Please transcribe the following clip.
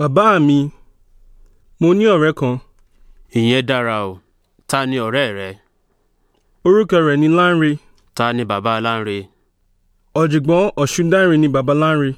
bàbá mi mo ní ọ̀rẹ́ kan. ìyẹn dára o ta ni ọ̀rẹ́ rẹ. orúkọ rẹ̀ ni Lánre. ta ni bàbá Lánre. ọ̀jọ̀gbọ́n Ọ̀ṣundáìrin ni bàbá Lánre.